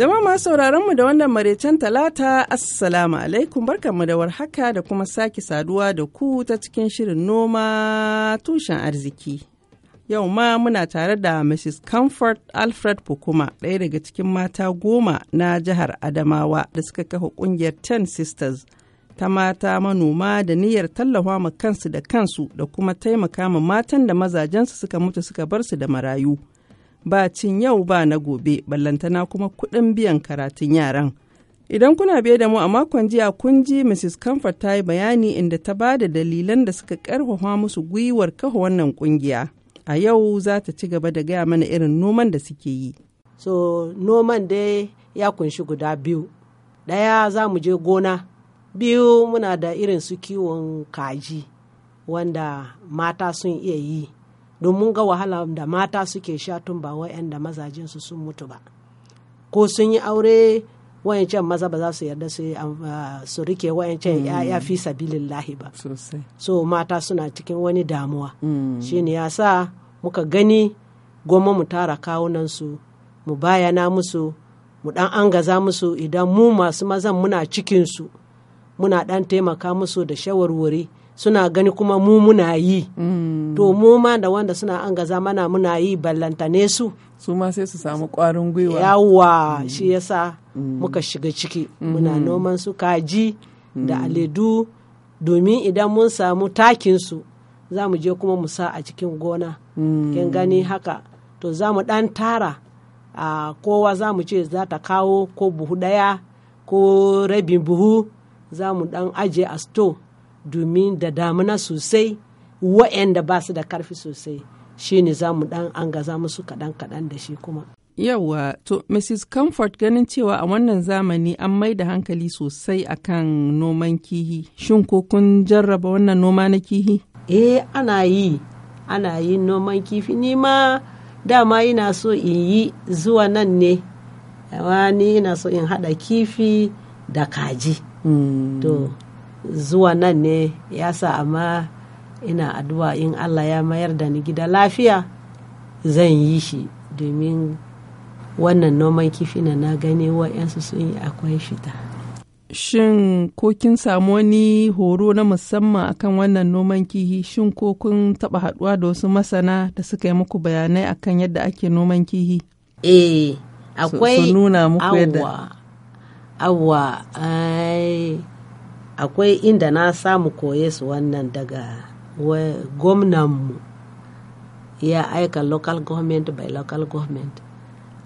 Jama masu sauraron mu da wannan maraicen talata assalamu alaikum barkanmu da warhaka da kuma sake saduwa da ku ta cikin shirin noma tushen arziki. Yau ma muna tare da Mrs. Comfort Alfred Pukuma ɗaya daga cikin mata goma na jihar Adamawa da suka kafa ƙungiyar Ten Sisters ta mata manoma da niyyar tallafa ma kansu da kansu da kuma taimaka ma matan da mazajensu suka mutu suka bar su da marayu. ba cin yau ba na gobe ballantana kuma kuɗin biyan karatun yaran. Idan kuna biye da mu a makon jiya kun ji Mrs. Comfort ta yi bayani inda ta ba da dalilan da suka karfafa musu gwiwar kafa wannan kungiya. A yau za ta ci gaba da gaya mana irin noman da suke yi. So noman dai ya kunshi guda biyu. Ɗaya za mu je gona, biyu muna da irin su kiwon kaji wanda mata sun iya yi. domin ga wahala da mata suke sha tun ba wa'yan da mazajen su sun mutu ba ko sun yi aure wayancan maza ba za su yarda su ah, rike wayancan ya mm. fi sabilin ba so mata suna cikin wani damuwa mm. ne ya sa muka gani goma mu tara kawunansu mu bayana musu mu dan angaza musu idan mu masu mazan muna cikinsu muna dan taimaka musu da shawarwari suna gani kuma mu muna yi mm. to mu ma da wanda suna an gaza mana muna yi ballantane su su ma sai su samu kwarin gwiwa yawa mm. shi yasa mm. muka shiga ciki muna noman su kaji da aledu domin idan mun samu takin su za mu je kuma mu sa a cikin gona kin gani haka to za mu dan tara a kowa za mu ce za ta kawo ko buhu ɗaya. ko rabin buhu za mu dan aje a store domin da damuna sosai wa'anda ba su da karfi sosai shi ne za mu dan an gaza musu kaɗan kaɗan da shi kuma. Yawwa, to Mrs. Comfort ganin cewa a wannan zamani an mai da hankali sosai akan noman kihi. Shin ko kun jarraba wannan noma na kihi? Eh, ana yi, ana yin noman kifi. Ni ma dama ina so in yi zuwa nan ne, ni ina so in haɗa kifi da kaji. Mm. To, zuwa nan ne ya sa amma ina addu'a in Allah ya mayar da ni gida lafiya zan yi shi domin wannan noman kifi na na gani wa'yansu sun yi akwai fita. Shin ko kin samu wani horo na musamman akan wannan noman kihi shin ko kun taɓa haɗuwa da wasu masana da suka yi muku bayanai akan yadda ake noman kihi? Eh, akwai so, so nuna ai. akwai inda na samu koye su wannan daga mu ya aika local government by local government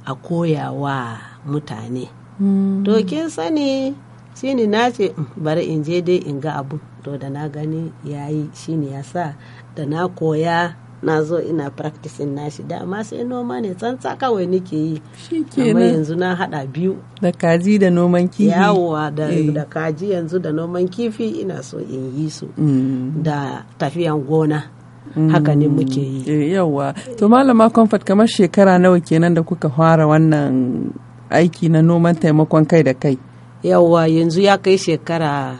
a koyawa mutane hmm. to kin sani shine na ce mm, bari in je dai in ga abu to da na gani ya yi shine ya sa da na koya na zo ina practicing nashi dama sai noma ne tsantsa kawai nake yi amma yanzu na hada biyu da kaji da noman kifi yawa da, eh. da kaji yanzu da noman kifi ina so in yi su mm. da tafiyan gona haka ne mm. muke yi. Eh, yawwa, to malama comfort kamar shekara nawa kenan da kuka fara wannan aiki na noman taimakon kai da kai? Yawwa, yanzu ya kai shekara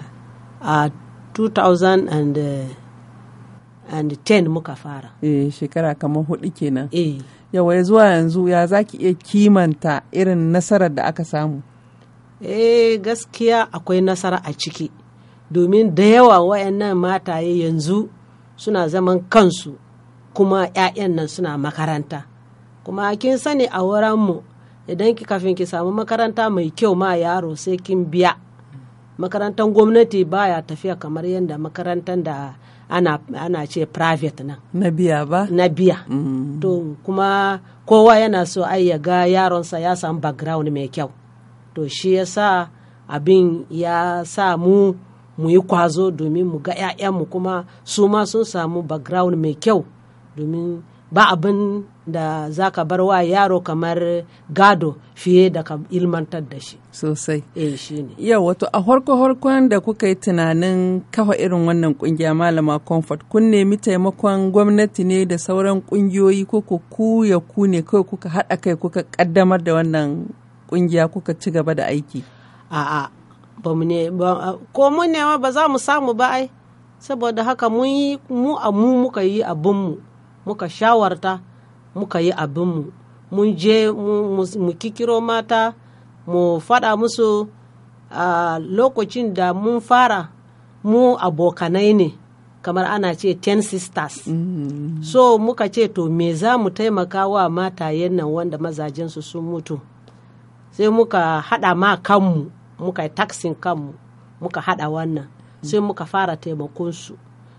a 2000 and muka fara eh shekara kamar hudu kenan eh yawa zuwa yanzu ya zaki iya kimanta irin nasarar da aka samu eh gaskiya akwai nasara a ciki domin da yawa wayannan mataye yanzu suna zaman kansu kuma 'ya'yan nan suna makaranta kuma kin sani a wurinmu idan ki kafin ki samu makaranta mai kyau ma yaro sai kin biya makarantar gwamnati baya tafiya kamar yadda makarantar da ana, ana ce private nan na biya ba na biya mm. to kuma kowa yana so ai ya ga yaronsa ya samu background mai kyau to shi ya sa abin ya sa mu mu yi kwazo domin mu ga 'ya'yanmu kuma su ma sun samu background mai kyau domin ba abin da za ka bar wa yaro kamar gado fiye da ka ilmantar da shi sosai eh shi ne yau wato a harko harkon da kuka yi tunanin kafa irin wannan kungiya malama comfort kun nemi taimakon gwamnati ne da sauran kungiyoyi ko ku ya ku ne kai kuka haɗa kai kuka kaddamar da wannan kungiya kuka ci gaba da aiki a'a ba mu ne ko mu ne ba za mu samu ba ai saboda haka mun yi mu a mu muka yi abinmu mu muka shawarta muka yi abinmu mun je mu kikiro mata mu faɗa musu a lokacin da mun fara mu abokanai ne kamar ana ce ten sisters mm -hmm. so muka ce to me za mu taimaka wa matayen nan wanda mazajensu sun mutu sai muka haɗa ma kanmu muka yi taksin kanmu muka haɗa wannan sai muka fara taimakonsu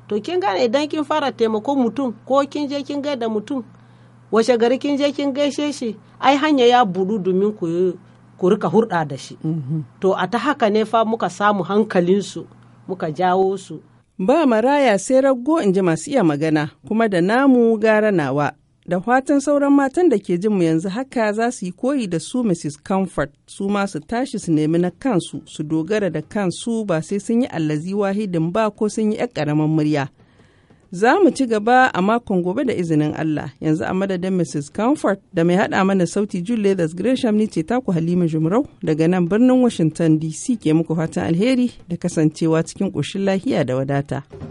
to kin gane idan kin fara taimako mutum ko kin je kin gai da mutum washe gari kin je kin gaishe shi ai hanya ya budu domin ku ku rika hurɗa da shi mhm. to a ta haka ne fa muka samu hankalin su muka jawo su ba maraya sai raggo in ji masu iya magana kuma da namu gara nawa Da fatan sauran matan da ke jin mu yanzu haka za su yi koyi da su Mrs. Comfort su ma su tashi su nemi na kansu su dogara da kansu ba sai sun yi allazi wahidin ba ko sun yi 'yan ƙaramin murya. Za mu ci gaba a makon gobe da izinin Allah yanzu a madadin Mrs. Comfort da mai haɗa mana sauti jule Leathers Gresham ni ce taku Halima Jumrau daga nan birnin Washington DC ke muku fatan alheri da kasancewa cikin ƙoshin lahiya da wadata.